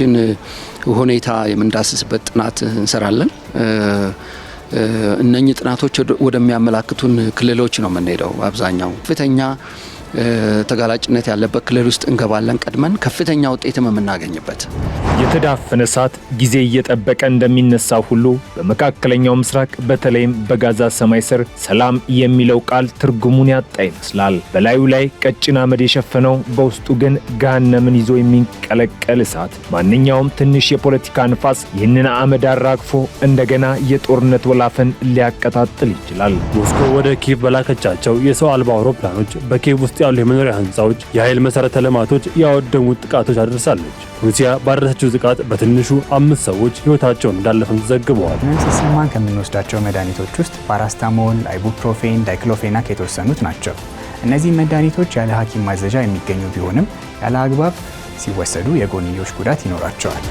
የሀገራችን ሁኔታ የምንዳስስበት ጥናት እንሰራለን። እነኚህ ጥናቶች ወደሚያመላክቱን ክልሎች ነው የምንሄደው። አብዛኛው ከፍተኛ ተጋላጭነት ያለበት ክልል ውስጥ እንገባለን። ቀድመን ከፍተኛ ውጤትም የምናገኝበት የተዳፈነ እሳት ጊዜ እየጠበቀ እንደሚነሳ ሁሉ በመካከለኛው ምስራቅ በተለይም በጋዛ ሰማይ ስር ሰላም የሚለው ቃል ትርጉሙን ያጣ ይመስላል። በላዩ ላይ ቀጭን አመድ የሸፈነው በውስጡ ግን ገሃነምን ይዞ የሚንቀለቀል እሳት። ማንኛውም ትንሽ የፖለቲካ ንፋስ ይህንን አመድ አራግፎ እንደገና የጦርነት ወላፈን ሊያቀጣጥል ይችላል። ሞስኮ ወደ ኪቭ በላከቻቸው የሰው አልባ አውሮፕላኖች በኪቭ ውስጥ ያሉ የመኖሪያ ህንፃዎች፣ የኃይል መሠረተ ልማቶች ያወደሙት ጥቃቶች አድርሳለች። ሩሲያ ባደረሰችው ጥቃት በትንሹ አምስት ሰዎች ህይወታቸውን እንዳለፈም ተዘግበዋል። ህመም ሲሰማን ከምንወስዳቸው መድኃኒቶች ውስጥ ፓራስታሞል፣ አይቡፕሮፌን፣ ዳይክሎፌናክ የተወሰኑት ናቸው። እነዚህ መድኃኒቶች ያለ ሐኪም ማዘዣ የሚገኙ ቢሆንም ያለ አግባብ ሲወሰዱ የጎንዮሽ ጉዳት ይኖራቸዋል።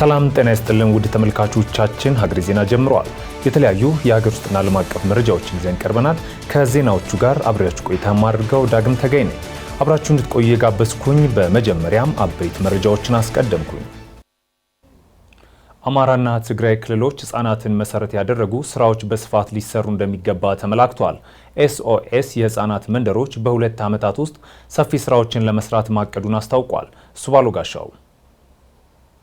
ሰላም ጤና ይስጥልን ውድ ተመልካቾቻችን፣ ሀገሬ ዜና ጀምረዋል። የተለያዩ የሀገር ውስጥና ዓለም አቀፍ መረጃዎችን ይዘን ቀርበናል። ከዜናዎቹ ጋር አብሬያችሁ ቆይታ ማድርገው ዳግም ተገኝ ነኝ። አብራችሁ እንድትቆዩ የጋበዝኩኝ። በመጀመሪያም አበይት መረጃዎችን አስቀደምኩኝ። አማራና ትግራይ ክልሎች ህጻናትን መሰረት ያደረጉ ስራዎች በስፋት ሊሰሩ እንደሚገባ ተመላክቷል። ኤስኦኤስ የህጻናት መንደሮች በሁለት ዓመታት ውስጥ ሰፊ ስራዎችን ለመስራት ማቀዱን አስታውቋል። ሱባሎ ጋሻው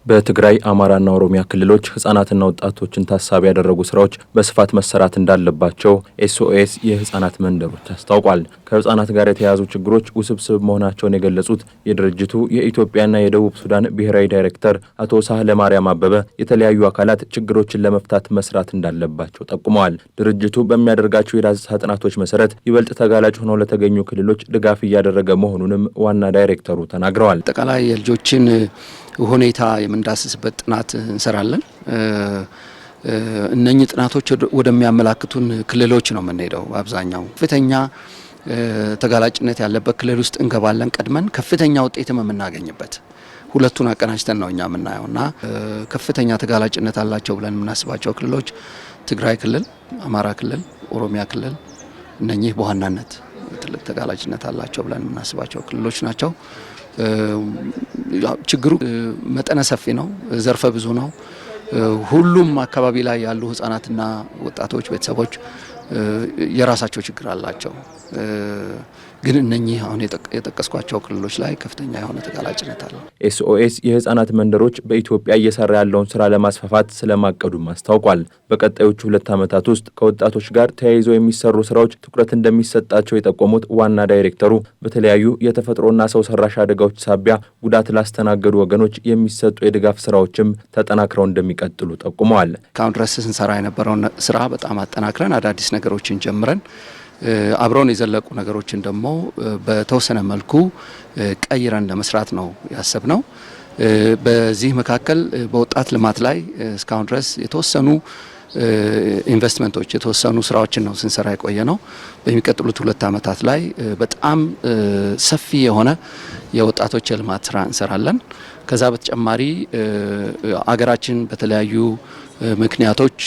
በትግራይ አማራና ኦሮሚያ ክልሎች ህጻናትና ወጣቶችን ታሳቢ ያደረጉ ስራዎች በስፋት መሰራት እንዳለባቸው ኤስኦኤስ የህጻናት መንደሮች አስታውቋል። ከህጻናት ጋር የተያያዙ ችግሮች ውስብስብ መሆናቸውን የገለጹት የድርጅቱ የኢትዮጵያና የደቡብ ሱዳን ብሔራዊ ዳይሬክተር አቶ ሳህለ ማርያም አበበ የተለያዩ አካላት ችግሮችን ለመፍታት መስራት እንዳለባቸው ጠቁመዋል። ድርጅቱ በሚያደርጋቸው የዳሰሳ ጥናቶች መሰረት ይበልጥ ተጋላጭ ሆነው ለተገኙ ክልሎች ድጋፍ እያደረገ መሆኑንም ዋና ዳይሬክተሩ ተናግረዋል። አጠቃላይ የልጆችን ሁኔታ የምንዳስስበት ጥናት እንሰራለን። እነኚህ ጥናቶች ወደሚያመላክቱን ክልሎች ነው የምንሄደው። አብዛኛው ከፍተኛ ተጋላጭነት ያለበት ክልል ውስጥ እንገባለን። ቀድመን ከፍተኛ ውጤትም የምናገኝበት ሁለቱን አቀናጅተን ነው እኛ የምናየው እና ከፍተኛ ተጋላጭነት አላቸው ብለን የምናስባቸው ክልሎች ትግራይ ክልል፣ አማራ ክልል፣ ኦሮሚያ ክልል እነኚህ በዋናነት ትልቅ ተጋላጭነት አላቸው ብለን የምናስባቸው ክልሎች ናቸው። ችግሩ መጠነ ሰፊ ነው፣ ዘርፈ ብዙ ነው። ሁሉም አካባቢ ላይ ያሉ ህጻናትና ወጣቶች ቤተሰቦች የራሳቸው ችግር አላቸው። ግን እነኚህ አሁን የጠቀስኳቸው ክልሎች ላይ ከፍተኛ የሆነ ተጋላጭነት አለ። ኤስኦኤስ የህጻናት መንደሮች በኢትዮጵያ እየሰራ ያለውን ስራ ለማስፋፋት ስለማቀዱም አስታውቋል። በቀጣዮቹ ሁለት ዓመታት ውስጥ ከወጣቶች ጋር ተያይዘው የሚሰሩ ስራዎች ትኩረት እንደሚሰጣቸው የጠቆሙት ዋና ዳይሬክተሩ በተለያዩ የተፈጥሮና ሰው ሰራሽ አደጋዎች ሳቢያ ጉዳት ላስተናገዱ ወገኖች የሚሰጡ የድጋፍ ስራዎችም ተጠናክረው እንደሚቀጥሉ ጠቁመዋል። ካሁን ድረስ ስንሰራ የነበረውን ስራ በጣም አጠናክረን አዳዲስ ነገሮችን ጀምረን አብረውን የዘለቁ ነገሮችን ደግሞ በተወሰነ መልኩ ቀይረን ለመስራት ነው ያሰብነው። በዚህ መካከል በወጣት ልማት ላይ እስካሁን ድረስ የተወሰኑ ኢንቨስትመንቶች የተወሰኑ ስራዎችን ነው ስንሰራ የቆየ ነው። በሚቀጥሉት ሁለት ዓመታት ላይ በጣም ሰፊ የሆነ የወጣቶች የልማት ስራ እንሰራለን። ከዛ በተጨማሪ አገራችን በተለያዩ ምክንያቶች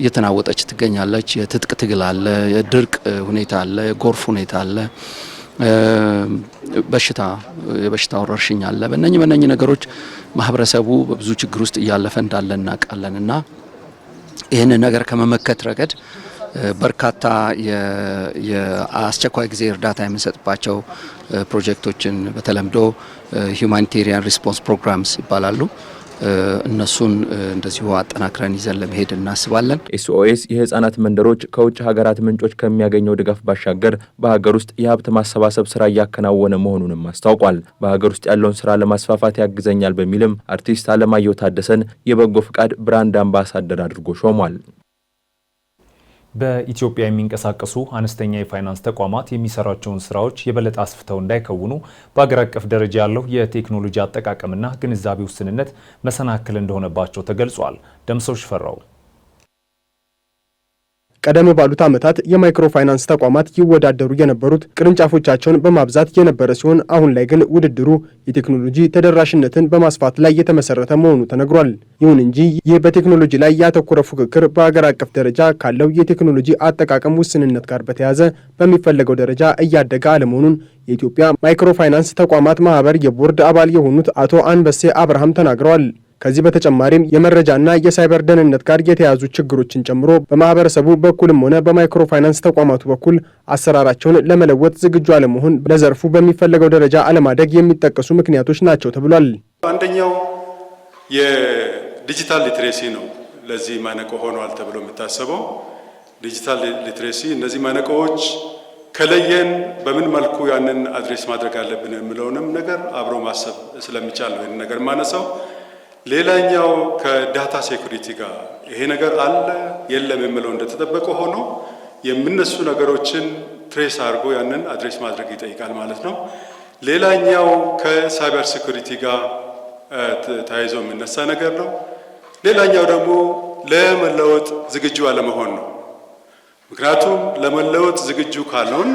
እየተናወጠች ትገኛለች። የትጥቅ ትግል አለ፣ የድርቅ ሁኔታ አለ፣ የጎርፍ ሁኔታ አለ፣ በሽታ የበሽታ ወረርሽኝ አለ። በእነኚህ በእነኚህ ነገሮች ማህበረሰቡ በብዙ ችግር ውስጥ እያለፈ እንዳለ እናውቃለን እና ይህንን ነገር ከመመከት ረገድ በርካታ የአስቸኳይ ጊዜ እርዳታ የምንሰጥባቸው ፕሮጀክቶችን በተለምዶ ሁማኒቴሪያን ሪስፖንስ ፕሮግራምስ ይባላሉ። እነሱን እንደዚሁ አጠናክረን ይዘን ለመሄድ እናስባለን። ኤስኦኤስ የህጻናት መንደሮች ከውጭ ሀገራት ምንጮች ከሚያገኘው ድጋፍ ባሻገር በሀገር ውስጥ የሀብት ማሰባሰብ ስራ እያከናወነ መሆኑንም አስታውቋል። በሀገር ውስጥ ያለውን ስራ ለማስፋፋት ያግዘኛል በሚልም አርቲስት አለማየሁ ታደሰን የበጎ ፍቃድ ብራንድ አምባሳደር አድርጎ ሾሟል። በኢትዮጵያ የሚንቀሳቀሱ አነስተኛ የፋይናንስ ተቋማት የሚሰራቸውን ስራዎች የበለጠ አስፍተው እንዳይከውኑ በአገር አቀፍ ደረጃ ያለው የቴክኖሎጂ አጠቃቀምና ግንዛቤ ውስንነት መሰናክል እንደሆነባቸው ተገልጿል። ደምሰው ሽፈራው ቀደም ባሉት ዓመታት የማይክሮ ፋይናንስ ተቋማት ይወዳደሩ የነበሩት ቅርንጫፎቻቸውን በማብዛት የነበረ ሲሆን አሁን ላይ ግን ውድድሩ የቴክኖሎጂ ተደራሽነትን በማስፋት ላይ የተመሰረተ መሆኑ ተነግሯል። ይሁን እንጂ ይህ በቴክኖሎጂ ላይ ያተኮረ ፉክክር በሀገር አቀፍ ደረጃ ካለው የቴክኖሎጂ አጠቃቀም ውስንነት ጋር በተያያዘ በሚፈለገው ደረጃ እያደገ አለመሆኑን የኢትዮጵያ ማይክሮ ፋይናንስ ተቋማት ማህበር የቦርድ አባል የሆኑት አቶ አንበሴ አብርሃም ተናግረዋል። ከዚህ በተጨማሪም የመረጃና የሳይበር ደህንነት ጋር የተያዙ ችግሮችን ጨምሮ በማህበረሰቡ በኩልም ሆነ በማይክሮ ፋይናንስ ተቋማቱ በኩል አሰራራቸውን ለመለወጥ ዝግጁ አለመሆን ለዘርፉ በሚፈለገው ደረጃ አለማደግ የሚጠቀሱ ምክንያቶች ናቸው ተብሏል። አንደኛው የዲጂታል ሊትሬሲ ነው። ለዚህ ማነቆ ሆኗል ተብሎ የሚታሰበው ዲጂታል ሊትሬሲ እነዚህ ማነቆዎች ከለየን በምን መልኩ ያንን አድሬስ ማድረግ አለብን የሚለውንም ነገር አብሮ ማሰብ ስለሚቻል ነው ይህን ነገር ማነሳው። ሌላኛው ከዳታ ሴኩሪቲ ጋር ይሄ ነገር አለ የለም የምለው እንደተጠበቀ ሆኖ የምነሱ ነገሮችን ትሬስ አድርጎ ያንን አድሬስ ማድረግ ይጠይቃል ማለት ነው። ሌላኛው ከሳይበር ሴኩሪቲ ጋር ተያይዞ የሚነሳ ነገር ነው። ሌላኛው ደግሞ ለመለወጥ ዝግጁ አለመሆን ነው። ምክንያቱም ለመለወጥ ዝግጁ ካልሆን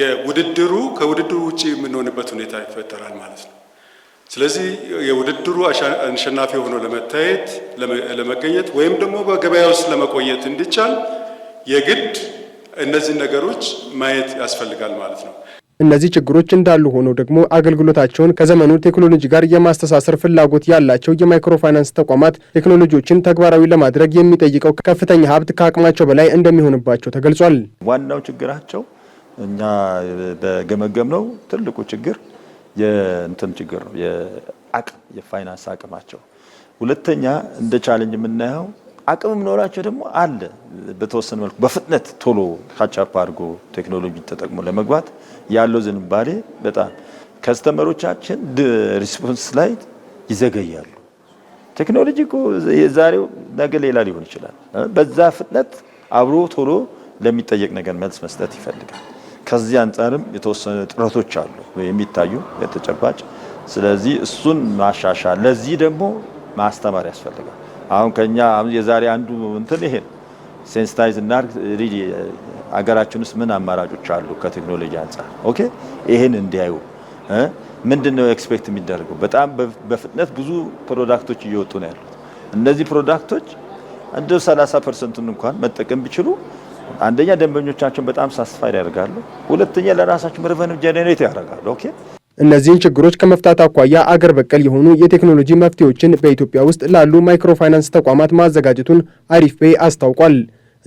የውድድሩ ከውድድሩ ውጭ የምንሆንበት ሁኔታ ይፈጠራል ማለት ነው። ስለዚህ የውድድሩ አሸናፊ ሆኖ ለመታየት ለመገኘት ወይም ደግሞ በገበያ ውስጥ ለመቆየት እንዲቻል የግድ እነዚህን ነገሮች ማየት ያስፈልጋል ማለት ነው። እነዚህ ችግሮች እንዳሉ ሆነው ደግሞ አገልግሎታቸውን ከዘመኑ ቴክኖሎጂ ጋር የማስተሳሰር ፍላጎት ያላቸው የማይክሮፋይናንስ ተቋማት ቴክኖሎጂዎችን ተግባራዊ ለማድረግ የሚጠይቀው ከፍተኛ ሀብት ከአቅማቸው በላይ እንደሚሆንባቸው ተገልጿል። ዋናው ችግራቸው እኛ በገመገም ነው ትልቁ ችግር የእንትን ችግር ነው የአቅም የፋይናንስ አቅማቸው። ሁለተኛ እንደ ቻለንጅ የምናየው አቅምም ኖራቸው ደግሞ አለ በተወሰነ መልኩ በፍጥነት ቶሎ ካቻፕ አድርጎ ቴክኖሎጂ ተጠቅሞ ለመግባት ያለው ዝንባሌ በጣም ከስተመሮቻችን ሪስፖንስ ላይ ይዘገያሉ። ቴክኖሎጂ እኮ የዛሬው ነገ ሌላ ሊሆን ይችላል። በዛ ፍጥነት አብሮ ቶሎ ለሚጠየቅ ነገር መልስ መስጠት ይፈልጋል። ከዚህ አንጻርም የተወሰነ ጥረቶች አሉ የሚታዩ የተጨባጭ። ስለዚህ እሱን ማሻሻል፣ ለዚህ ደግሞ ማስተማር ያስፈልጋል። አሁን ከኛ የዛሬ አንዱ እንትን ይሄን ሴንስታይዝ እና አገራችን ውስጥ ምን አማራጮች አሉ ከቴክኖሎጂ አንጻር ኦኬ፣ ይሄን እንዲያዩ ምንድን ነው ኤክስፔክት የሚደረገው? በጣም በፍጥነት ብዙ ፕሮዳክቶች እየወጡ ነው ያሉት። እነዚህ ፕሮዳክቶች እንደ 30 ፐርሰንቱን እንኳን መጠቀም ቢችሉ አንደኛ ደንበኞቻችን በጣም ሳስፋይድ ያደርጋሉ። ሁለተኛ ለራሳችን ሬቨንም ጀኔሬት ያደርጋሉ። ኦኬ እነዚህን ችግሮች ከመፍታት አኳያ አገር በቀል የሆኑ የቴክኖሎጂ መፍትሄዎችን በኢትዮጵያ ውስጥ ላሉ ማይክሮ ፋይናንስ ተቋማት ማዘጋጀቱን አሪፍ ቤ አስታውቋል።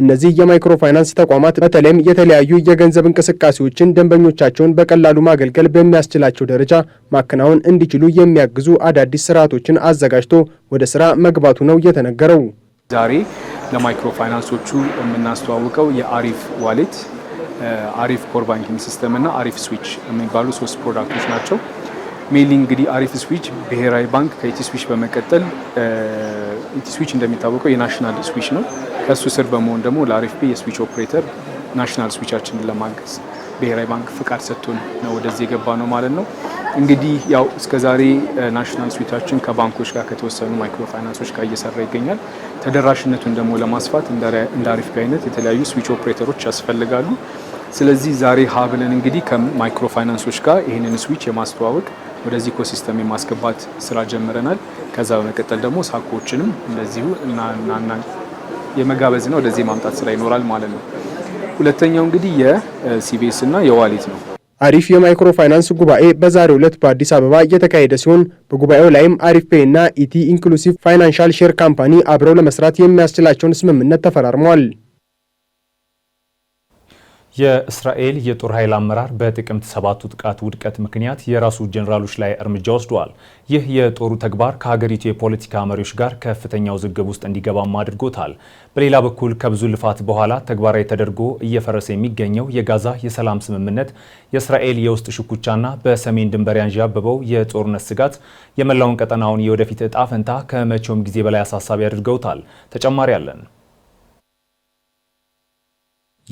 እነዚህ የማይክሮ ፋይናንስ ተቋማት በተለይም የተለያዩ የገንዘብ እንቅስቃሴዎችን ደንበኞቻቸውን በቀላሉ ማገልገል በሚያስችላቸው ደረጃ ማከናወን እንዲችሉ የሚያግዙ አዳዲስ ስርዓቶችን አዘጋጅቶ ወደ ስራ መግባቱ ነው የተነገረው። ዛሬ ለማይክሮ ፋይናንሶቹ የምናስተዋውቀው የአሪፍ ዋሌት፣ አሪፍ ኮር ባንኪንግ ሲስተም እና አሪፍ ስዊች የሚባሉ ሶስት ፕሮዳክቶች ናቸው። ሜሊ እንግዲህ አሪፍ ስዊች ብሔራዊ ባንክ ከኢቲ ስዊች በመቀጠል ኢቲ ስዊች እንደሚታወቀው የናሽናል ስዊች ነው። ከእሱ ስር በመሆን ደግሞ ለአሪፍ ቤ የስዊች ኦፕሬተር ናሽናል ስዊቻችንን ለማገዝ ብሔራዊ ባንክ ፍቃድ ሰጥቶን ነው ወደዚህ የገባ ነው ማለት ነው። እንግዲህ ያው እስከዛሬ ናሽናል ስዊቻችን ከባንኮች ጋር ከተወሰኑ ማይክሮ ፋይናንሶች ጋር እየሰራ ይገኛል። ተደራሽነቱን ደግሞ ለማስፋት እንደ አሪፍ አይነት የተለያዩ ስዊች ኦፕሬተሮች ያስፈልጋሉ። ስለዚህ ዛሬ ሀ ብለን እንግዲህ ከማይክሮ ፋይናንሶች ጋር ይህንን ስዊች የማስተዋወቅ ወደዚህ ኢኮሲስተም የማስገባት ስራ ጀምረናል። ከዛ በመቀጠል ደግሞ ሳኮችንም እንደዚሁ እናና የመጋበዝና ወደዚህ የማምጣት ስራ ይኖራል ማለት ነው። ሁለተኛው እንግዲህ የሲቢኤስ እና የዋሌት ነው። አሪፍ የማይክሮ ፋይናንስ ጉባኤ በዛሬው ዕለት በአዲስ አበባ እየተካሄደ ሲሆን በጉባኤው ላይም አሪፍ ፔይ እና ኢቲ ኢንክሉሲቭ ፋይናንሻል ሼር ካምፓኒ አብረው ለመስራት የሚያስችላቸውን ስምምነት ተፈራርመዋል። የእስራኤል የጦር ኃይል አመራር በጥቅምት ሰባቱ ጥቃት ውድቀት ምክንያት የራሱ ጀኔራሎች ላይ እርምጃ ወስደዋል። ይህ የጦሩ ተግባር ከሀገሪቱ የፖለቲካ መሪዎች ጋር ከፍተኛ ውዝግብ ውስጥ እንዲገባም አድርጎታል። በሌላ በኩል ከብዙ ልፋት በኋላ ተግባራዊ ተደርጎ እየፈረሰ የሚገኘው የጋዛ የሰላም ስምምነት የእስራኤል የውስጥ ሽኩቻና በሰሜን ድንበር ያንዣበበው የጦርነት ስጋት የመላውን ቀጠናውን የወደፊት እጣ ፈንታ ከመቼውም ጊዜ በላይ አሳሳቢ አድርገውታል። ተጨማሪ አለን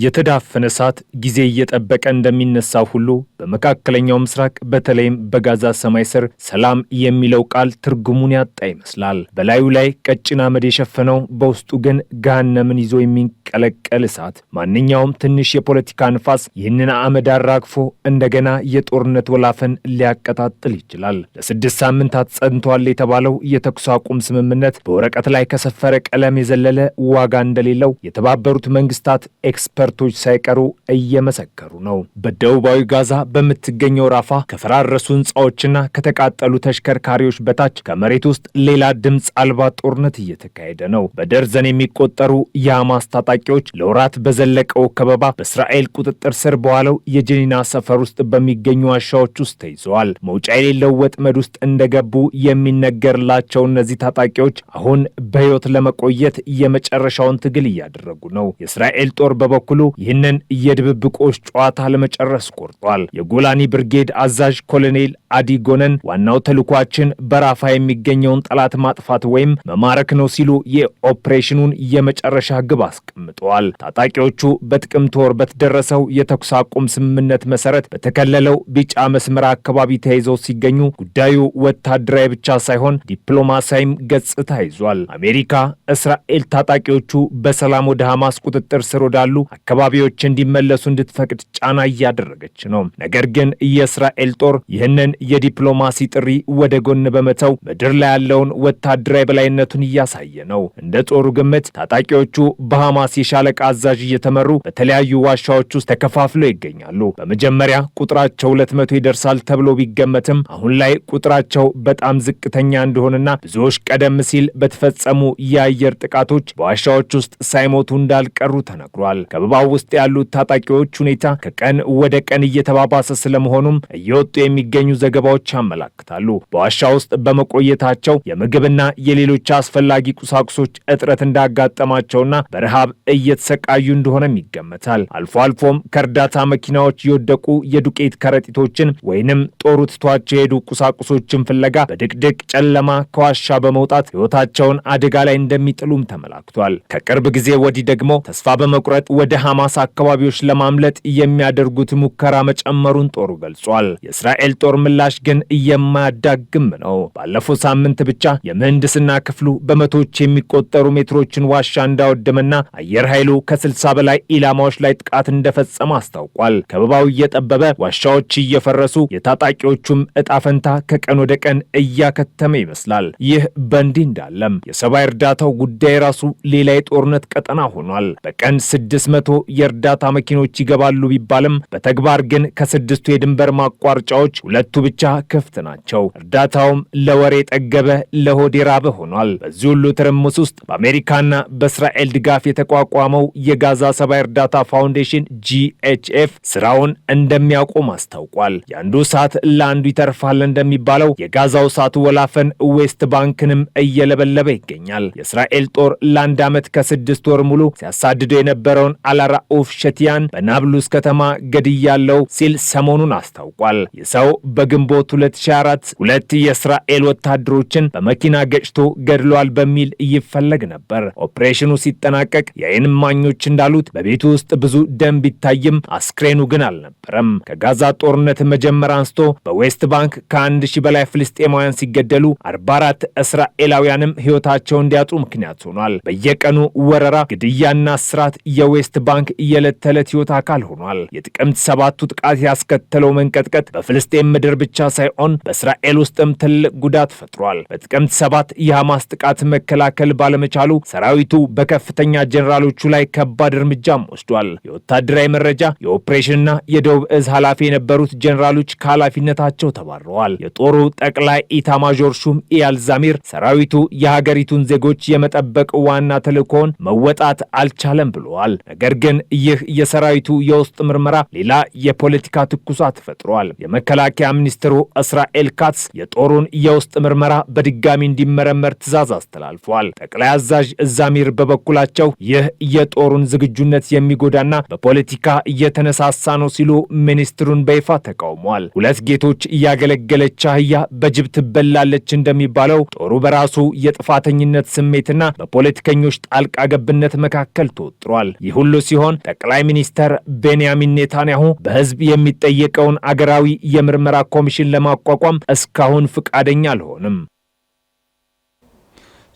የተዳፈነ እሳት ጊዜ እየጠበቀ እንደሚነሳ ሁሉ በመካከለኛው ምስራቅ በተለይም በጋዛ ሰማይ ስር ሰላም የሚለው ቃል ትርጉሙን ያጣ ይመስላል። በላዩ ላይ ቀጭን አመድ የሸፈነው በውስጡ ግን ገሃነምን ይዞ የሚንቀለቀል እሳት። ማንኛውም ትንሽ የፖለቲካ ንፋስ ይህንን አመድ አራግፎ እንደገና የጦርነት ወላፈን ሊያቀጣጥል ይችላል። ለስድስት ሳምንታት ጸንቷል የተባለው የተኩስ አቁም ስምምነት በወረቀት ላይ ከሰፈረ ቀለም የዘለለ ዋጋ እንደሌለው የተባበሩት መንግስታት ኤክስፐርት ኤክስፐርቶች ሳይቀሩ እየመሰከሩ ነው። በደቡባዊ ጋዛ በምትገኘው ራፋ ከፈራረሱ ህንፃዎችና ከተቃጠሉ ተሽከርካሪዎች በታች ከመሬት ውስጥ ሌላ ድምፅ አልባ ጦርነት እየተካሄደ ነው። በደርዘን የሚቆጠሩ የሐማስ ታጣቂዎች ለወራት በዘለቀው ከበባ በእስራኤል ቁጥጥር ስር በኋለው የጀኒና ሰፈር ውስጥ በሚገኙ ዋሻዎች ውስጥ ተይዘዋል። መውጫ የሌለው ወጥመድ ውስጥ እንደገቡ የሚነገርላቸው እነዚህ ታጣቂዎች አሁን በሕይወት ለመቆየት የመጨረሻውን ትግል እያደረጉ ነው። የእስራኤል ጦር በበኩል ብሎ ይህንን የድብብቆች ጨዋታ ለመጨረስ ቆርጧል። የጎላኒ ብርጌድ አዛዥ ኮሎኔል አዲጎነን ዋናው ተልኳችን በራፋ የሚገኘውን ጠላት ማጥፋት ወይም መማረክ ነው ሲሉ የኦፕሬሽኑን የመጨረሻ ግብ አስቀምጠዋል። ታጣቂዎቹ በጥቅምት ወር በተደረሰው የተኩስ አቁም ስምምነት መሰረት በተከለለው ቢጫ መስመር አካባቢ ተይዘው ሲገኙ ጉዳዩ ወታደራዊ ብቻ ሳይሆን ዲፕሎማሲያዊም ገጽታ ይዟል። አሜሪካ፣ እስራኤል ታጣቂዎቹ በሰላም ወደ ሐማስ ቁጥጥር ስር ወዳሉ አካባቢዎች እንዲመለሱ እንድትፈቅድ ጫና እያደረገች ነው። ነገር ግን የእስራኤል ጦር ይህንን የዲፕሎማሲ ጥሪ ወደ ጎን በመተው ምድር ላይ ያለውን ወታደራዊ በላይነቱን እያሳየ ነው። እንደ ጦሩ ግምት ታጣቂዎቹ በሐማስ የሻለቃ አዛዥ እየተመሩ በተለያዩ ዋሻዎች ውስጥ ተከፋፍለው ይገኛሉ። በመጀመሪያ ቁጥራቸው ሁለት መቶ ይደርሳል ተብሎ ቢገመትም አሁን ላይ ቁጥራቸው በጣም ዝቅተኛ እንደሆነና ብዙዎች ቀደም ሲል በተፈጸሙ የአየር ጥቃቶች በዋሻዎች ውስጥ ሳይሞቱ እንዳልቀሩ ተነግሯል። ከበባው ውስጥ ያሉት ታጣቂዎች ሁኔታ ከቀን ወደ ቀን እየተባባሰ ስለመሆኑም እየወጡ የሚገኙ ዘገባዎች ያመላክታሉ። በዋሻ ውስጥ በመቆየታቸው የምግብና የሌሎች አስፈላጊ ቁሳቁሶች እጥረት እንዳጋጠማቸውና በረሃብ እየተሰቃዩ እንደሆነም ይገመታል። አልፎ አልፎም ከእርዳታ መኪናዎች የወደቁ የዱቄት ከረጢቶችን ወይንም ጦሩ ትቷቸው የሄዱ ቁሳቁሶችን ፍለጋ በድቅድቅ ጨለማ ከዋሻ በመውጣት ሕይወታቸውን አደጋ ላይ እንደሚጥሉም ተመላክቷል። ከቅርብ ጊዜ ወዲህ ደግሞ ተስፋ በመቁረጥ ወደ ሐማስ አካባቢዎች ለማምለጥ የሚያደርጉት ሙከራ መጨመሩን ጦሩ ገልጿል። የእስራኤል ጦር ምላሽ ግን የማያዳግም ነው። ባለፈው ሳምንት ብቻ የምህንድስና ክፍሉ በመቶዎች የሚቆጠሩ ሜትሮችን ዋሻ እንዳወደመና አየር ኃይሉ ከስልሳ በላይ ኢላማዎች ላይ ጥቃት እንደፈጸመ አስታውቋል። ከበባው እየጠበበ ዋሻዎች እየፈረሱ የታጣቂዎቹም እጣ ፈንታ ከቀን ወደ ቀን እያከተመ ይመስላል። ይህ በእንዲህ እንዳለም የሰብአዊ እርዳታው ጉዳይ ራሱ ሌላ የጦርነት ቀጠና ሆኗል። በቀን ስድስት መቶ የእርዳታ መኪኖች ይገባሉ ቢባልም በተግባር ግን ከስድስቱ የድንበር ማቋርጫዎች ሁለቱ ብቻ ክፍት ናቸው። እርዳታውም ለወሬ ጠገበ ለሆድ የራበ ሆኗል። በዚህ ሁሉ ትርምስ ውስጥ በአሜሪካና በእስራኤል ድጋፍ የተቋቋመው የጋዛ ሰብአዊ እርዳታ ፋውንዴሽን ጂኤችኤፍ ስራውን እንደሚያቆም አስታውቋል። የአንዱ ሰዓት ለአንዱ ይተርፋል እንደሚባለው የጋዛው ሰዓቱ ወላፈን ዌስት ባንክንም እየለበለበ ይገኛል። የእስራኤል ጦር ለአንድ ዓመት ከስድስት ወር ሙሉ ሲያሳድዶ የነበረውን አላራኡፍ ሸቲያን በናብሉስ ከተማ ገድያለው ሲል ሰሞኑን አስታውቋል። የሰው በግ ግንቦት 2004 ሁለት የእስራኤል ወታደሮችን በመኪና ገጭቶ ገድሏል በሚል ይፈለግ ነበር። ኦፕሬሽኑ ሲጠናቀቅ የዓይን እማኞች እንዳሉት በቤቱ ውስጥ ብዙ ደም ቢታይም አስክሬኑ ግን አልነበረም። ከጋዛ ጦርነት መጀመር አንስቶ በዌስት ባንክ ከአንድ ሺህ በላይ ፍልስጤማውያን ሲገደሉ 44 እስራኤላውያንም ሕይወታቸው እንዲያጡ ምክንያት ሆኗል። በየቀኑ ወረራ፣ ግድያና ስራት የዌስት ባንክ የዕለት ተዕለት ሕይወት አካል ሆኗል። የጥቅምት ሰባቱ ጥቃት ያስከተለው መንቀጥቀጥ በፍልስጤም ምድር ብቻ ሳይሆን በእስራኤል ውስጥም ትልቅ ጉዳት ፈጥሯል። በጥቅምት ሰባት የሐማስ ጥቃት መከላከል ባለመቻሉ ሰራዊቱ በከፍተኛ ጀኔራሎቹ ላይ ከባድ እርምጃም ወስዷል። የወታደራዊ መረጃ የኦፕሬሽንና የደቡብ እዝ ኃላፊ የነበሩት ጀኔራሎች ከኃላፊነታቸው ተባረዋል። የጦሩ ጠቅላይ ኢታማዦር ሹም ኢያል ዛሚር ሰራዊቱ የሀገሪቱን ዜጎች የመጠበቅ ዋና ተልእኮውን መወጣት አልቻለም ብለዋል። ነገር ግን ይህ የሰራዊቱ የውስጥ ምርመራ ሌላ የፖለቲካ ትኩሳት ፈጥሯል። የመከላከያ ሚኒስ ሚኒስትሩ እስራኤል ካትስ የጦሩን የውስጥ ምርመራ በድጋሚ እንዲመረመር ትዕዛዝ አስተላልፏል። ጠቅላይ አዛዥ ዛሚር በበኩላቸው ይህ የጦሩን ዝግጁነት የሚጎዳና በፖለቲካ እየተነሳሳ ነው ሲሉ ሚኒስትሩን በይፋ ተቃውሟል። ሁለት ጌቶች እያገለገለች አህያ በጅብ ትበላለች እንደሚባለው ጦሩ በራሱ የጥፋተኝነት ስሜትና በፖለቲከኞች ጣልቃ ገብነት መካከል ተወጥሯል። ይህ ሁሉ ሲሆን ጠቅላይ ሚኒስተር ቤንያሚን ኔታንያሁ በህዝብ የሚጠየቀውን አገራዊ የምርመራ ኮሚ ኮሚሽን ለማቋቋም እስካሁን ፍቃደኛ አልሆንም።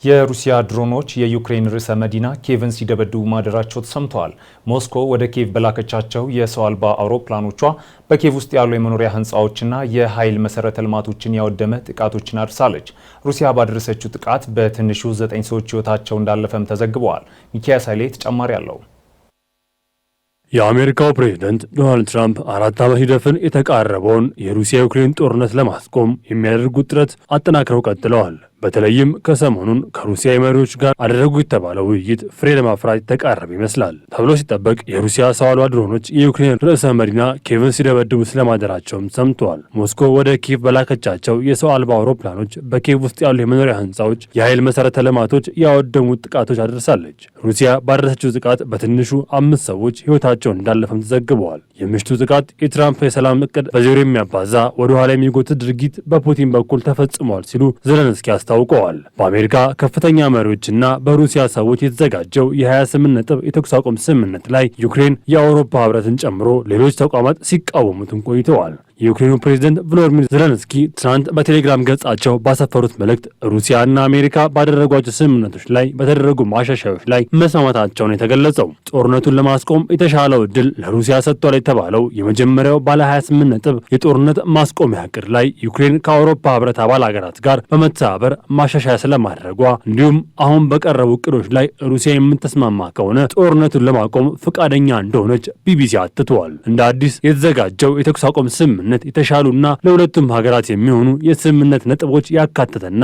የሩሲያ ድሮኖች የዩክሬን ርዕሰ መዲና ኬቭን ሲደበድቡ ማደራቸው ተሰምተዋል። ሞስኮ ወደ ኬቭ በላከቻቸው የሰው አልባ አውሮፕላኖቿ በኬቭ ውስጥ ያሉ የመኖሪያ ህንፃዎችና የኃይል መሰረተ ልማቶችን ያወደመ ጥቃቶችን አድርሳለች። ሩሲያ ባደረሰችው ጥቃት በትንሹ ዘጠኝ ሰዎች ህይወታቸው እንዳለፈም ተዘግበዋል። ሚኪያስ ኃይሌ ተጨማሪ አለው። የአሜሪካው ፕሬዝደንት ዶናልድ ትራምፕ አራት ዓመት ሊደፍን የተቃረበውን የሩሲያ ዩክሬን ጦርነት ለማስቆም የሚያደርጉት ጥረት አጠናክረው ቀጥለዋል። በተለይም ከሰሞኑን ከሩሲያ የመሪዎች ጋር አደረጉ የተባለው ውይይት ፍሬ ለማፍራት የተቃረበ ይመስላል ተብሎ ሲጠበቅ የሩሲያ ሰው አልባ ድሮኖች የዩክሬን ርዕሰ መዲና ኬቭን ሲደበድቡ ስለማደራቸውም ሰምተዋል። ሞስኮ ወደ ኪየቭ በላከቻቸው የሰው አልባ አውሮፕላኖች በኬቭ ውስጥ ያሉ የመኖሪያ ህንፃዎች፣ የኃይል መሠረተ ልማቶች ያወደሙት ጥቃቶች አደርሳለች። ሩሲያ ባደረሰችው ጥቃት በትንሹ አምስት ሰዎች ህይወታቸውን እንዳለፈም ተዘግበዋል። የምሽቱ ጥቃት የትራምፕ የሰላም እቅድ በዜሮ የሚያባዛ ወደ ኋላ የሚጎትት ድርጊት በፑቲን በኩል ተፈጽሟል ሲሉ ዘለንስኪ አስታ አስታውቀዋል። በአሜሪካ ከፍተኛ መሪዎችና በሩሲያ ሰዎች የተዘጋጀው የ28 ነጥብ የተኩስ አቁም ስምምነት ላይ ዩክሬን የአውሮፓ ህብረትን ጨምሮ ሌሎች ተቋማት ሲቃወሙትን ቆይተዋል። የዩክሬኑ ፕሬዝደንት ቮሎዲሚር ዜሌንስኪ ትናንት በቴሌግራም ገጻቸው ባሰፈሩት መልእክት ሩሲያና አሜሪካ ባደረጓቸው ስምምነቶች ላይ በተደረጉ ማሻሻዮች ላይ መስማማታቸውን የተገለጸው ጦርነቱን ለማስቆም የተሻለው እድል ለሩሲያ ሰጥቷል የተባለው የመጀመሪያው ባለ 28 ነጥብ የጦርነት ማስቆሚያ እቅድ ላይ ዩክሬን ከአውሮፓ ህብረት አባል ሀገራት ጋር በመተባበር ማሻሻያ ስለማድረጓ እንዲሁም አሁን በቀረቡ እቅዶች ላይ ሩሲያ የምትስማማ ከሆነ ጦርነቱን ለማቆም ፈቃደኛ እንደሆነች ቢቢሲ አትተዋል። እንደ አዲስ የተዘጋጀው የተኩስ አቆም ስምምነት ስምምነት የተሻሉና ለሁለቱም ሀገራት የሚሆኑ የስምምነት ነጥቦች ያካተተና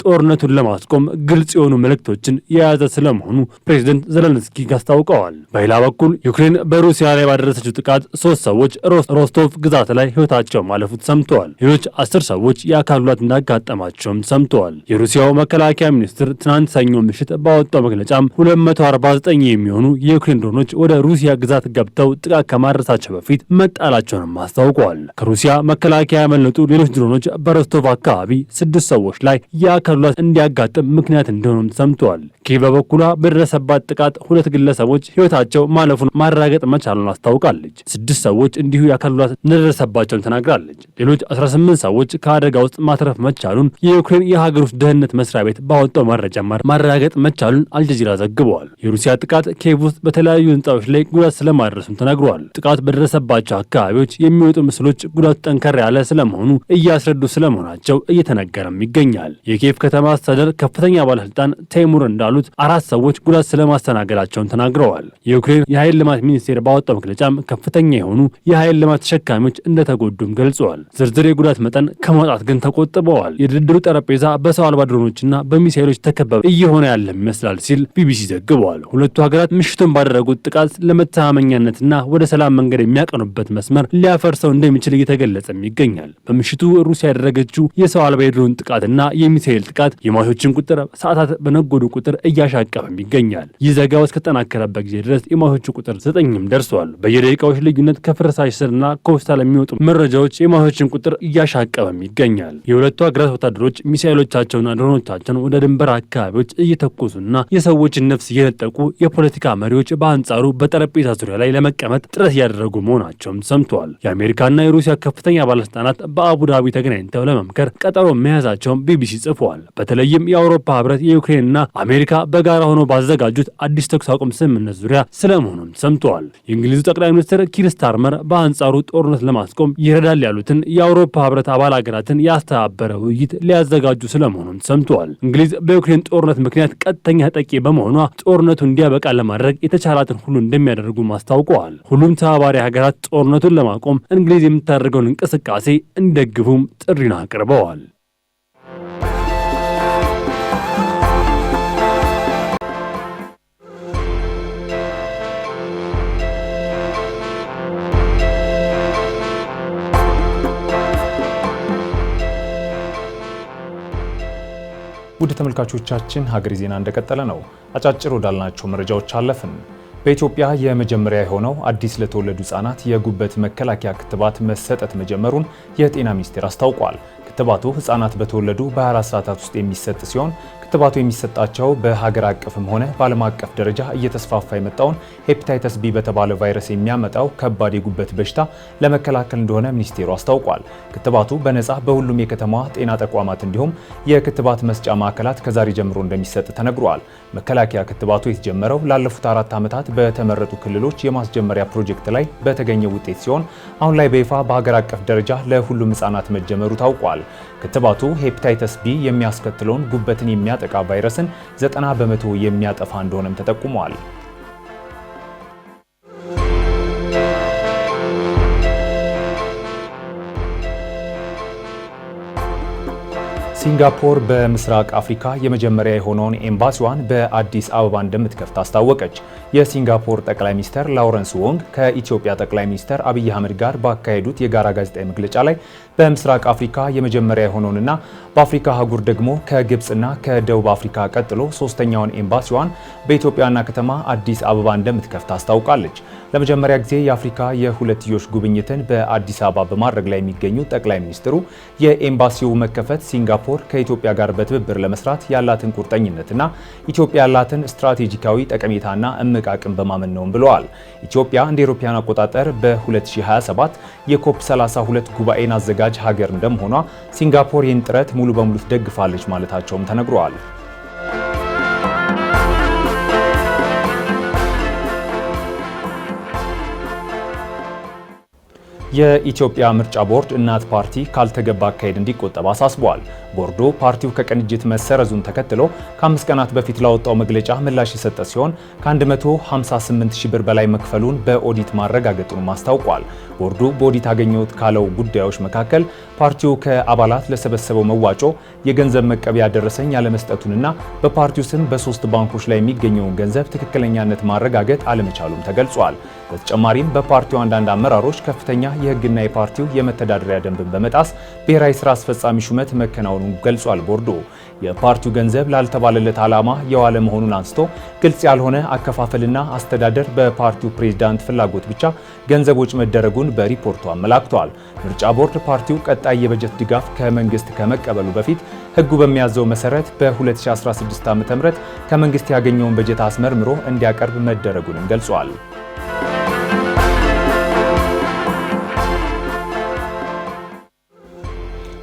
ጦርነቱን ለማስቆም ግልጽ የሆኑ መልእክቶችን የያዘ ስለመሆኑ ፕሬዚደንት ዘለንስኪ አስታውቀዋል። በሌላ በኩል ዩክሬን በሩሲያ ላይ ባደረሰችው ጥቃት ሶስት ሰዎች ሮስቶቭ ግዛት ላይ ህይወታቸው ማለፉ ሰምተዋል። ሌሎች አስር ሰዎች የአካል ጉዳት እንዳጋጠማቸውም ሰምተዋል። የሩሲያው መከላከያ ሚኒስትር ትናንት ሰኞ ምሽት ባወጣው መግለጫም 249 የሚሆኑ የዩክሬን ድሮኖች ወደ ሩሲያ ግዛት ገብተው ጥቃት ከማድረሳቸው በፊት መጣላቸውንም አስታውቀዋል። ከሩሲያ መከላከያ ያመለጡ ሌሎች ድሮኖች በረስቶቭ አካባቢ ስድስት ሰዎች ላይ የአካል ጉዳት እንዲያጋጥም ምክንያት እንደሆኑም ተሰምተዋል። ኪየቭ በበኩሏ በደረሰባት ጥቃት ሁለት ግለሰቦች ሕይወታቸው ማለፉን ማረጋገጥ መቻሉን አስታውቃለች። ስድስት ሰዎች እንዲሁ የአካል ጉዳት እንደደረሰባቸውም ተናግራለች። ሌሎች 18 ሰዎች ከአደጋ ውስጥ ማትረፍ መቻሉን የዩክሬን የሀገር ውስጥ ደህንነት መስሪያ ቤት ባወጣው መረጃ ማረጋገጥ መቻሉን አልጀዚራ ዘግበዋል። የሩሲያ ጥቃት ኪየቭ ውስጥ በተለያዩ ህንፃዎች ላይ ጉዳት ስለማድረሱም ተናግረዋል። ጥቃት በደረሰባቸው አካባቢዎች የሚወጡ ምስሎች ጉዳቱ ጠንከር ያለ ስለመሆኑ እያስረዱ ስለመሆናቸው እየተነገረም ይገኛል። የኬፍ ከተማ አስተዳደር ከፍተኛ ባለስልጣን ቴሙር እንዳሉት አራት ሰዎች ጉዳት ስለማስተናገዳቸውን ተናግረዋል። የዩክሬን የኃይል ልማት ሚኒስቴር ባወጣው መግለጫም ከፍተኛ የሆኑ የኃይል ልማት ተሸካሚዎች እንደተጎዱም ገልጿል። ዝርዝር የጉዳት መጠን ከማውጣት ግን ተቆጥበዋል። የድርድሩ ጠረጴዛ በሰው አልባ ድሮኖችና በሚሳይሎች ተከበበ እየሆነ ያለም ይመስላል ሲል ቢቢሲ ዘግበዋል። ሁለቱ ሀገራት ምሽቱን ባደረጉት ጥቃት ለመተማመኛነትና ወደ ሰላም መንገድ የሚያቀኑበት መስመር ሊያፈርሰው እንደሚችል እየተገለጸም ይገኛል። በምሽቱ ሩሲያ ያደረገችው የሰው አልባ የድሮን ጥቃትና የሚሳኤል ጥቃት የሟቾችን ቁጥር ሰዓታት በነጎዱ ቁጥር እያሻቀፈም ይገኛል። ይህ ዘገባ እስከጠናከረበት ጊዜ ድረስ የሟቾቹ ቁጥር ዘጠኝም ደርሷል። በየደቂቃዎች ልዩነት ከፍርስራሽ ስርና ከሆስፒታል የሚወጡ መረጃዎች የሟቾችን ቁጥር እያሻቀበም ይገኛል። የሁለቱ ሀገራት ወታደሮች ሚሳኤሎቻቸውና ድሮኖቻቸውን ወደ ድንበር አካባቢዎች እየተኮሱና የሰዎችን ነፍስ እየነጠቁ የፖለቲካ መሪዎች በአንጻሩ በጠረጴዛ ዙሪያ ላይ ለመቀመጥ ጥረት እያደረጉ መሆናቸውም ሰምተዋል። የአሜሪካና የሩሲያ የሩሲያ ከፍተኛ ባለስልጣናት በአቡዳቢ ተገናኝተው ለመምከር ቀጠሮ መያዛቸውን ቢቢሲ ጽፏል። በተለይም የአውሮፓ ህብረት የዩክሬንና አሜሪካ በጋራ ሆኖ ባዘጋጁት አዲስ ተኩስ አቁም ስምምነት ዙሪያ ስለመሆኑም ሰምተዋል። የእንግሊዙ ጠቅላይ ሚኒስትር ኪር ስታርመር በአንጻሩ ጦርነት ለማስቆም ይረዳል ያሉትን የአውሮፓ ህብረት አባል ሀገራትን ያስተባበረ ውይይት ሊያዘጋጁ ስለመሆኑን ሰምተዋል። እንግሊዝ በዩክሬን ጦርነት ምክንያት ቀጥተኛ ተጠቂ በመሆኗ ጦርነቱ እንዲያበቃ ለማድረግ የተቻላትን ሁሉ እንደሚያደርጉ ማስታውቀዋል። ሁሉም ተባባሪ ሀገራት ጦርነቱን ለማቆም እንግሊዝ የምታ የሚያደርገውን እንቅስቃሴ እንደግፉም ጥሪን አቅርበዋል። ውድ ተመልካቾቻችን ሀገሬ ዜና እንደቀጠለ ነው። አጫጭር ወዳልናቸው መረጃዎች አለፍን። በኢትዮጵያ የመጀመሪያ የሆነው አዲስ ለተወለዱ ህጻናት የጉበት መከላከያ ክትባት መሰጠት መጀመሩን የጤና ሚኒስቴር አስታውቋል። ክትባቱ ህጻናት በተወለዱ በ24 ሰዓታት ውስጥ የሚሰጥ ሲሆን ክትባቱ የሚሰጣቸው በሀገር አቀፍም ሆነ በዓለም አቀፍ ደረጃ እየተስፋፋ የመጣውን ሄፕታይተስ ቢ በተባለ ቫይረስ የሚያመጣው ከባድ የጉበት በሽታ ለመከላከል እንደሆነ ሚኒስቴሩ አስታውቋል። ክትባቱ በነፃ በሁሉም የከተማዋ ጤና ተቋማት እንዲሁም የክትባት መስጫ ማዕከላት ከዛሬ ጀምሮ እንደሚሰጥ ተነግሯል። መከላከያ ክትባቱ የተጀመረው ላለፉት አራት ዓመታት በተመረጡ ክልሎች የማስጀመሪያ ፕሮጀክት ላይ በተገኘ ውጤት ሲሆን አሁን ላይ በይፋ በሀገር አቀፍ ደረጃ ለሁሉም ሕፃናት መጀመሩ ታውቋል። ክትባቱ ሄፕታይተስ ቢ የሚያስከትለውን ጉበትን የሚያጠቃ ቫይረስን ዘጠና በመቶ የሚያጠፋ እንደሆነም ተጠቁሟል። ሲንጋፖር በምስራቅ አፍሪካ የመጀመሪያ የሆነውን ኤምባሲዋን በአዲስ አበባ እንደምትከፍት አስታወቀች። የሲንጋፖር ጠቅላይ ሚኒስትር ላውረንስ ወንግ ከኢትዮጵያ ጠቅላይ ሚኒስትር አብይ አህመድ ጋር ባካሄዱት የጋራ ጋዜጣዊ መግለጫ ላይ በምስራቅ አፍሪካ የመጀመሪያ የሆነውንና በአፍሪካ አህጉር ደግሞ ከግብፅና ከደቡብ አፍሪካ ቀጥሎ ሶስተኛውን ኤምባሲዋን በኢትዮጵያና ከተማ አዲስ አበባ እንደምትከፍት አስታውቃለች። ለመጀመሪያ ጊዜ የአፍሪካ የሁለትዮሽ ጉብኝትን በአዲስ አበባ በማድረግ ላይ የሚገኙ ጠቅላይ ሚኒስትሩ የኤምባሲው መከፈት ሲንጋፖር ከኢትዮጵያ ጋር በትብብር ለመስራት ያላትን ቁርጠኝነትና ኢትዮጵያ ያላትን ስትራቴጂካዊ ጠቀሜታና እምቅ አቅም በማመን ነውም ብለዋል። ኢትዮጵያ እንደ አውሮፓውያን አቆጣጠር በ2027 የኮፕ 32 ጉባኤን አዘጋጅ ወዳጅ ሀገር እንደመሆኗ ሲንጋፖር ይህን ጥረት ሙሉ በሙሉ ትደግፋለች ማለታቸውም ተነግረዋል። የኢትዮጵያ ምርጫ ቦርድ እናት ፓርቲ ካልተገባ አካሄድ እንዲቆጠብ አሳስቧል። ቦርዱ ፓርቲው ከቅንጅት መሰረዙን ተከትሎ ከአምስት ቀናት በፊት ላወጣው መግለጫ ምላሽ የሰጠ ሲሆን ከ158 ሺህ ብር በላይ መክፈሉን በኦዲት ማረጋገጡንም አስታውቋል። ቦርዱ በኦዲት አገኘሁት ካለው ጉዳዮች መካከል ፓርቲው ከአባላት ለሰበሰበው መዋጮ የገንዘብ መቀበያ ደረሰኝ ያለመስጠቱንና በፓርቲው ስም በሶስት ባንኮች ላይ የሚገኘውን ገንዘብ ትክክለኛነት ማረጋገጥ አለመቻሉም ተገልጿል። በተጨማሪም በፓርቲው አንዳንድ አመራሮች ከፍተኛ የህግና የፓርቲው የመተዳደሪያ ደንብን በመጣስ ብሔራዊ ስራ አስፈጻሚ ሹመት መከናወኑን ገልጿል። ቦርዱ የፓርቲው ገንዘብ ላልተባለለት ዓላማ የዋለ መሆኑን አንስቶ ግልጽ ያልሆነ አከፋፈልና አስተዳደር በፓርቲው ፕሬዝዳንት ፍላጎት ብቻ ገንዘብ መደረጉን በሪፖርቱ አመላክቷል። ምርጫ ቦርድ ፓርቲው ቀጣይ የበጀት ድጋፍ ከመንግስት ከመቀበሉ በፊት ህጉ በሚያዘው መሰረት በ2016 ዓ.ም ከመንግስት ያገኘውን በጀት አስመርምሮ እንዲያቀርብ መደረጉንም ገልጿል።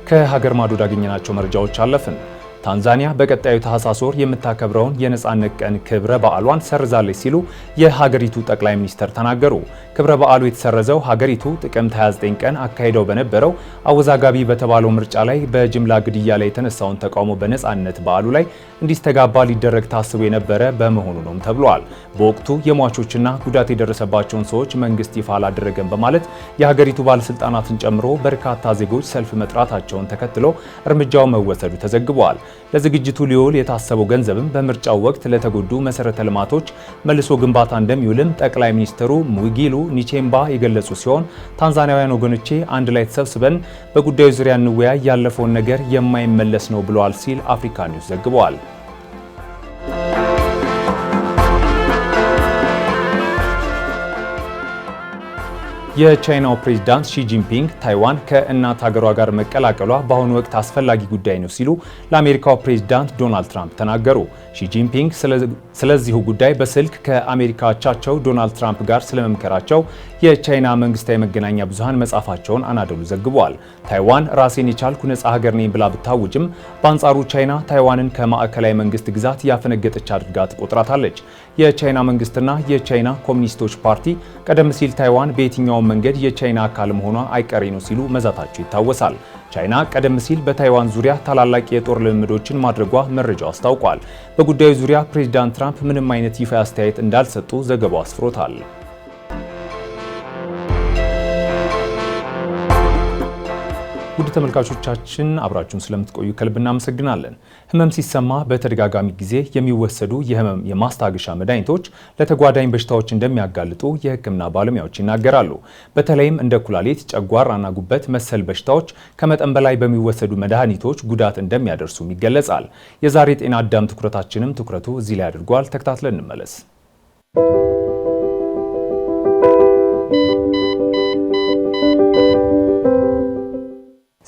ከሀገር ማዶ ዳገኘናቸው መረጃዎች አለፍን። ታንዛኒያ በቀጣዩ ታህሳስ ወር የምታከብረውን የነፃነት ቀን ክብረ በዓሏን ሰርዛለች ሲሉ የሀገሪቱ ጠቅላይ ሚኒስትር ተናገሩ። ክብረ በዓሉ የተሰረዘው ሀገሪቱ ጥቅምት 29 ቀን አካሂደው በነበረው አወዛጋቢ በተባለው ምርጫ ላይ በጅምላ ግድያ ላይ የተነሳውን ተቃውሞ በነፃነት በዓሉ ላይ እንዲስተጋባ ሊደረግ ታስቦ የነበረ በመሆኑ ነውም ተብሏል። በወቅቱ የሟቾችና ጉዳት የደረሰባቸውን ሰዎች መንግስት ይፋ አላደረገም በማለት የሀገሪቱ ባለስልጣናትን ጨምሮ በርካታ ዜጎች ሰልፍ መጥራታቸውን ተከትሎ እርምጃው መወሰዱ ተዘግቧል። ለዝግጅቱ ሊውል የታሰበው ገንዘብም በምርጫው ወቅት ለተጎዱ መሰረተ ልማቶች መልሶ ግንባታ እንደሚውልም ጠቅላይ ሚኒስትሩ ሙጊሉ ኒቼምባ የገለጹ ሲሆን ታንዛኒያውያን ወገኖቼ አንድ ላይ ተሰብስበን በጉዳዩ ዙሪያ እንወያይ፣ ያለፈውን ነገር የማይመለስ ነው ብለዋል ሲል አፍሪካ ኒውስ ዘግበዋል። የቻይናው ፕሬዚዳንት ሺጂንፒንግ ታይዋን ከእናት ሀገሯ ጋር መቀላቀሏ በአሁኑ ወቅት አስፈላጊ ጉዳይ ነው ሲሉ ለአሜሪካው ፕሬዚዳንት ዶናልድ ትራምፕ ተናገሩ። ሺጂንፒንግ ስለ ስለዚሁ ጉዳይ በስልክ ከአሜሪካ አቻቸው ዶናልድ ትራምፕ ጋር ስለመምከራቸው የቻይና መንግስታዊ መገናኛ ብዙሃን መጻፋቸውን አናደሉ ዘግቧል። ታይዋን ራሴን የቻልኩ ነጻ ሀገር ነኝ ብላ ብታውጅም፣ በአንጻሩ ቻይና ታይዋንን ከማዕከላዊ መንግስት ግዛት ያፈነገጠች አድርጋ ትቆጥራታለች። የቻይና መንግስትና የቻይና ኮሚኒስቶች ፓርቲ ቀደም ሲል ታይዋን በየትኛውም መንገድ የቻይና አካል መሆኗ አይቀሬ ነው ሲሉ መዛታቸው ይታወሳል። ቻይና ቀደም ሲል በታይዋን ዙሪያ ታላላቅ የጦር ልምምዶችን ማድረጓ መረጃው አስታውቋል። በጉዳዩ ዙሪያ ፕሬዚዳንት ትራምፕ ምንም አይነት ይፋ አስተያየት እንዳልሰጡ ዘገባው አስፍሮታል። ውድ ተመልካቾቻችን አብራችሁን ስለምትቆዩ ከልብ እናመሰግናለን። ህመም ሲሰማ በተደጋጋሚ ጊዜ የሚወሰዱ የህመም የማስታገሻ መድኃኒቶች ለተጓዳኝ በሽታዎች እንደሚያጋልጡ የህክምና ባለሙያዎች ይናገራሉ። በተለይም እንደ ኩላሊት፣ ጨጓራና ጉበት መሰል በሽታዎች ከመጠን በላይ በሚወሰዱ መድኃኒቶች ጉዳት እንደሚያደርሱም ይገለጻል። የዛሬ ጤና አዳም ትኩረታችንም ትኩረቱ እዚህ ላይ አድርጓል። ተከታትለን እንመለስ።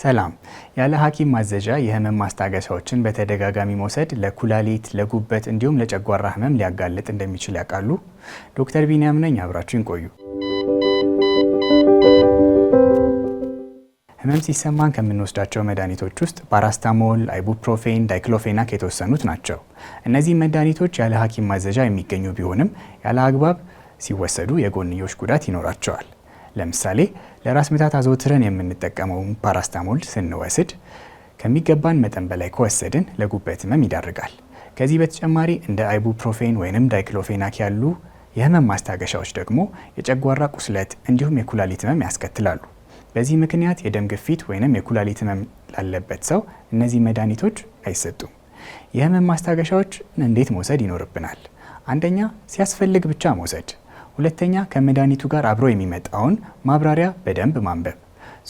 ሰላም። ያለ ሐኪም ማዘዣ የህመም ማስታገሻዎችን በተደጋጋሚ መውሰድ ለኩላሊት፣ ለጉበት እንዲሁም ለጨጓራ ህመም ሊያጋልጥ እንደሚችል ያውቃሉ? ዶክተር ቢንያም ነኝ። አብራችሁን ቆዩ። ህመም ሲሰማን ከምንወስዳቸው መድኃኒቶች ውስጥ ፓራስታሞል፣ አይቡፕሮፌን፣ ዳይክሎፌናክ የተወሰኑት ናቸው። እነዚህ መድኃኒቶች ያለ ሐኪም ማዘዣ የሚገኙ ቢሆንም ያለ አግባብ ሲወሰዱ የጎንዮሽ ጉዳት ይኖራቸዋል። ለምሳሌ ለራስ ምታት አዘውትረን የምንጠቀመውን ፓራስታሞል ስንወስድ ከሚገባን መጠን በላይ ከወሰድን ለጉበት ህመም ይዳርጋል። ከዚህ በተጨማሪ እንደ አይቡፕሮፌን ወይንም ዳይክሎፌናክ ያሉ የህመም ማስታገሻዎች ደግሞ የጨጓራ ቁስለት እንዲሁም የኩላሊት ህመም ያስከትላሉ። በዚህ ምክንያት የደም ግፊት ወይንም የኩላሊት ህመም ላለበት ሰው እነዚህ መድኃኒቶች አይሰጡም። የህመም ማስታገሻዎች እንዴት መውሰድ ይኖርብናል? አንደኛ ሲያስፈልግ ብቻ መውሰድ ሁለተኛ ከመድኃኒቱ ጋር አብሮ የሚመጣውን ማብራሪያ በደንብ ማንበብ።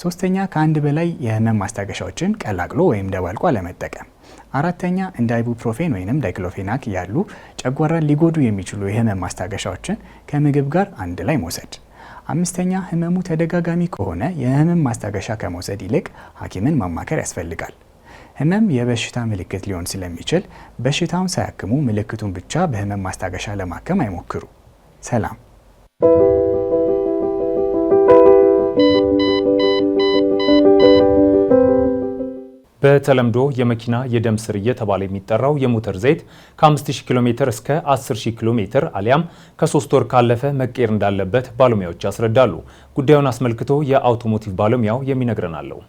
ሶስተኛ ከአንድ በላይ የህመም ማስታገሻዎችን ቀላቅሎ ወይም ደባልቆ አለመጠቀም። አራተኛ እንደ አይቡፕሮፌን ወይም ዳይክሎፌናክ ያሉ ጨጓራን ሊጎዱ የሚችሉ የህመም ማስታገሻዎችን ከምግብ ጋር አንድ ላይ መውሰድ። አምስተኛ ህመሙ ተደጋጋሚ ከሆነ የህመም ማስታገሻ ከመውሰድ ይልቅ ሐኪምን ማማከር ያስፈልጋል። ህመም የበሽታ ምልክት ሊሆን ስለሚችል በሽታውን ሳያክሙ ምልክቱን ብቻ በህመም ማስታገሻ ለማከም አይሞክሩ። ሰላም። በተለምዶ የመኪና የደም ስር እየተባለ የሚጠራው የሞተር ዘይት ከ5000 ኪሎ ሜትር እስከ 10000 ኪሎ ሜትር አሊያም ከሶስት ወር ካለፈ መቀየር እንዳለበት ባለሙያዎች ያስረዳሉ። ጉዳዩን አስመልክቶ የአውቶሞቲቭ ባለሙያው የሚነግረን አለው።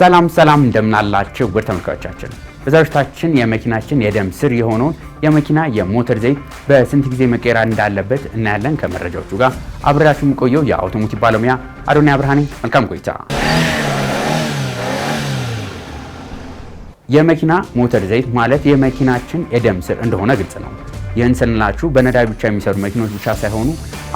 ሰላም ሰላም እንደምናላችሁ ውድ ተመልካቾቻችን፣ በዛሽታችን የመኪናችን የደም ስር የሆነውን የመኪና የሞተር ዘይት በስንት ጊዜ መቀየር እንዳለበት እናያለን። ከመረጃዎቹ ጋር አብሬያችሁ የምቆየው የአውቶሞቲቭ ባለሙያ አዶኒያ ብርሃኔ። መልካም ቆይታ። የመኪና ሞተር ዘይት ማለት የመኪናችን የደም ስር እንደሆነ ግልጽ ነው። ይህን ስንላችሁ በነዳጅ ብቻ የሚሰሩ መኪኖች ብቻ ሳይሆኑ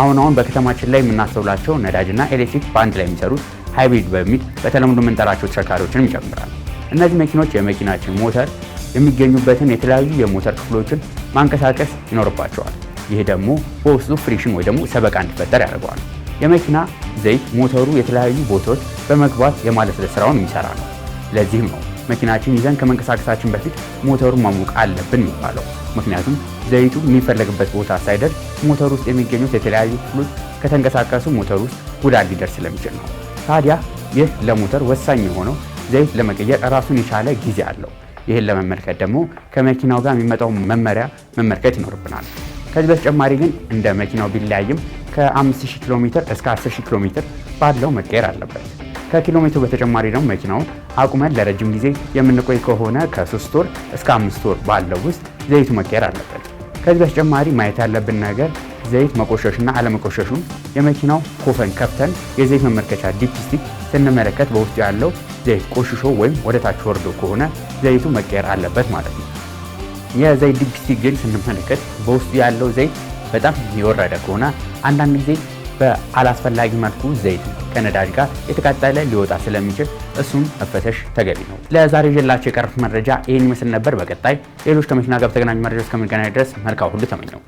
አሁን አሁን በከተማችን ላይ የምናስተውላቸው ነዳጅና ኤሌክትሪክ በአንድ ላይ የሚሰሩት ሃይብሪድ በሚል በተለምዶ የምንጠራቸው ተሽከርካሪዎችንም ይጨምራል። እነዚህ መኪኖች የመኪናችን ሞተር የሚገኙበትን የተለያዩ የሞተር ክፍሎችን ማንቀሳቀስ ይኖርባቸዋል። ይህ ደግሞ በውስጡ ፍሪሽን ወይ ደግሞ ሰበቃ እንዲፈጠር ያደርገዋል። የመኪና ዘይት ሞተሩ የተለያዩ ቦታዎች በመግባት የማለስለስ ስራውን የሚሰራ ነው። ለዚህም ነው መኪናችን ይዘን ከመንቀሳቀሳችን በፊት ሞተሩን ማሞቅ አለብን የሚባለው። ምክንያቱም ዘይቱ የሚፈለግበት ቦታ ሳይደርስ ሞተሩ ውስጥ የሚገኙት የተለያዩ ክፍሎች ከተንቀሳቀሱ ሞተሩ ውስጥ ጉዳት ሊደርስ ስለሚችል ነው። ታዲያ ይህ ለሞተር ወሳኝ የሆነው ዘይት ለመቀየር ራሱን የቻለ ጊዜ አለው። ይህን ለመመልከት ደግሞ ከመኪናው ጋር የሚመጣው መመሪያ መመልከት ይኖርብናል። ከዚህ በተጨማሪ ግን እንደ መኪናው ቢለያይም ከ5000 ኪሎ ሜትር እስከ 10000 ኪሎ ሜትር ባለው መቀየር አለበት። ከኪሎ ሜትሩ በተጨማሪ ደግሞ መኪናውን አቁመን ለረጅም ጊዜ የምንቆይ ከሆነ ከ3 ወር እስከ 5 ወር ባለው ውስጥ ዘይቱ መቀየር አለበት። ከዚህ በተጨማሪ ማየት ያለብን ነገር ዘይት መቆሸሹና አለመቆሸሹን የመኪናው ኮፈን ከፍተን የዘይት መመልከቻ ዲፕስቲክ ስንመለከት በውስጡ ያለው ዘይት ቆሽሾ ወይም ወደ ታች ወርዶ ከሆነ ዘይቱ መቀየር አለበት ማለት ነው። የዘይት ዲፕስቲክ ግን ስንመለከት በውስጡ ያለው ዘይት በጣም የወረደ ከሆነ አንዳንድ ጊዜ በአላስፈላጊ መልኩ ዘይት ከነዳጅ ጋር የተቃጠለ ሊወጣ ስለሚችል እሱን መፈተሽ ተገቢ ነው። ለዛሬ ይዤላችሁ የቀረቡት መረጃ ይህን ይመስል ነበር። በቀጣይ ሌሎች ከመኪና ጋር በተገናኙ መረጃ እስከምንገናኝ ድረስ መልካም ሁሉ ተመኘው።